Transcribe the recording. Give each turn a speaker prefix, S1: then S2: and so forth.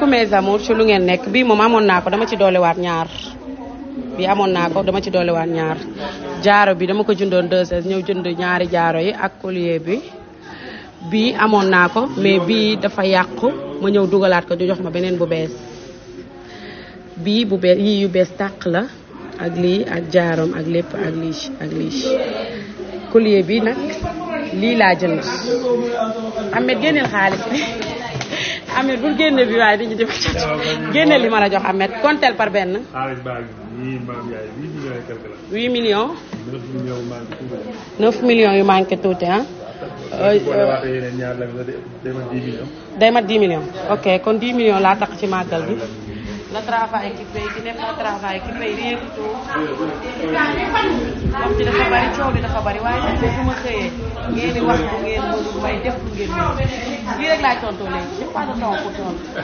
S1: beaucoup mes amours lu ngeen nekk bii moom amoon naa ko dama ci doolewaat ñaar bi amoon naa ko dama ci doolewaat ñaar jaaro bi dama ko jëndoon 2 ñëw jënd ñaari jaaro yi ak collier bi bii amoon naa ko mais bi dafa yàqu ma ñëw dugalaat ko ñu jox ma beneen bu bees bii bu bees yu bees tàq la ak lii ak jaaroom ak lépp ak lii ak lii collier bi nag lii laa jënd amet génneel xaalis Ameth bul génne bi waaye dañuy def génne li ma la jox Ameth compteel par benn.
S2: xaalis baa ngi nii huit millions. neuf
S1: millions yu manqué tuuti ah. day mat dix millions. ok kon dix millions laa tax ci màggal bi.
S3: wax ji dafa bari coow li bari waaye nag ma xëyee
S2: ngeen di wax bu ngeen mënul waaye def bu ngeen mënul lii rek
S4: laay tontoo léegi